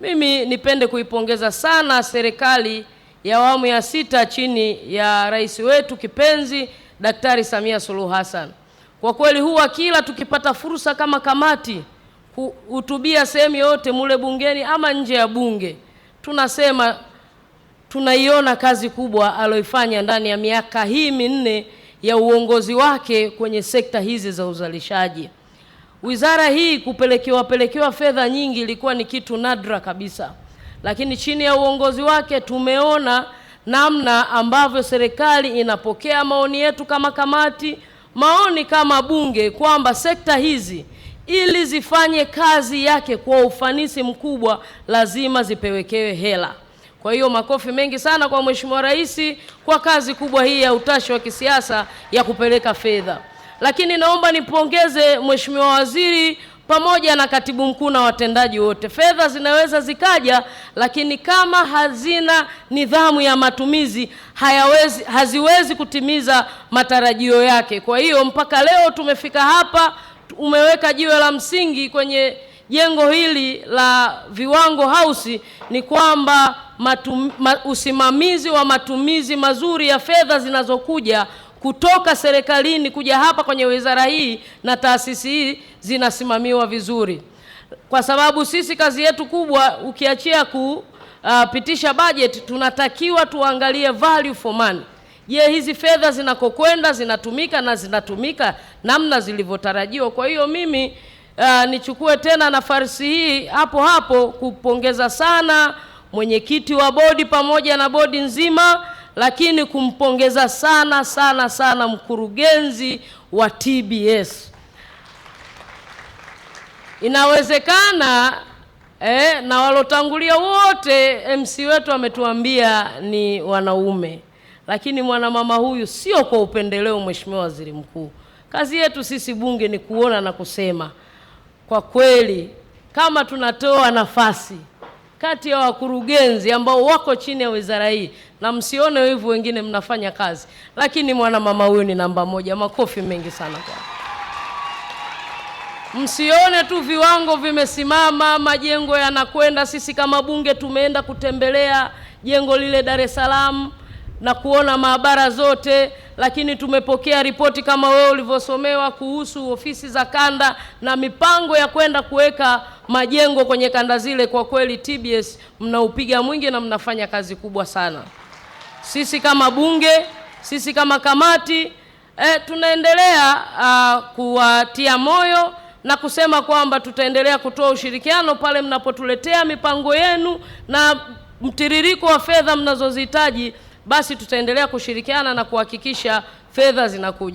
Mimi nipende kuipongeza sana serikali ya awamu ya sita chini ya rais wetu kipenzi Daktari Samia Suluhu Hassan. Kwa kweli huwa kila tukipata fursa kama kamati hutubia sehemu yoyote mule bungeni ama nje ya bunge, tunasema tunaiona kazi kubwa aloifanya ndani ya miaka hii minne ya uongozi wake kwenye sekta hizi za uzalishaji. Wizara hii kupelekewa pelekewa fedha nyingi ilikuwa ni kitu nadra kabisa, lakini chini ya uongozi wake tumeona namna ambavyo serikali inapokea maoni yetu kama kamati, maoni kama bunge, kwamba sekta hizi ili zifanye kazi yake kwa ufanisi mkubwa lazima zipewekewe hela. Kwa hiyo makofi mengi sana kwa Mheshimiwa Rais kwa kazi kubwa hii ya utashi wa kisiasa ya kupeleka fedha. Lakini naomba nipongeze Mheshimiwa Waziri pamoja na katibu mkuu na watendaji wote. Fedha zinaweza zikaja, lakini kama hazina nidhamu ya matumizi hayawezi, haziwezi kutimiza matarajio yake. Kwa hiyo mpaka leo tumefika hapa, umeweka jiwe la msingi kwenye jengo hili la Viwango House ni kwamba matum, ma, usimamizi wa matumizi mazuri ya fedha zinazokuja kutoka serikalini kuja hapa kwenye wizara hii na taasisi hii zinasimamiwa vizuri, kwa sababu sisi kazi yetu kubwa ukiachia kupitisha uh, bajeti, tunatakiwa tuangalie value for money. Je, hizi fedha zinakokwenda zinatumika na zinatumika namna zilivyotarajiwa? Kwa hiyo mimi uh, nichukue tena nafasi hii hapo hapo kupongeza sana mwenyekiti wa bodi pamoja na bodi nzima lakini kumpongeza sana sana sana mkurugenzi wa TBS. Inawezekana eh, na walotangulia wote MC wetu ametuambia ni wanaume, lakini mwanamama huyu sio kwa upendeleo. Mheshimiwa Waziri Mkuu, kazi yetu sisi Bunge ni kuona na kusema. Kwa kweli kama tunatoa nafasi kati ya wakurugenzi ambao wako chini ya wizara hii na msione wivu, wengine mnafanya kazi, lakini mama huyu ni namba moja. Makofi mengi sana kwa. Msione tu viwango vimesimama, majengo yanakwenda. Sisi kama bunge tumeenda kutembelea jengo lile Dar es Salaam na kuona maabara zote, lakini tumepokea ripoti kama wewe ulivyosomewa kuhusu ofisi za kanda na mipango ya kwenda kuweka majengo kwenye kanda zile. Kwa kweli TBS mnaupiga mwingi na mnafanya kazi kubwa sana sisi kama bunge, sisi kama kamati e, tunaendelea a, ah, kuwatia moyo na kusema kwamba tutaendelea kutoa ushirikiano pale mnapotuletea mipango yenu na mtiririko wa fedha mnazozihitaji, basi tutaendelea kushirikiana na kuhakikisha fedha zinakuja.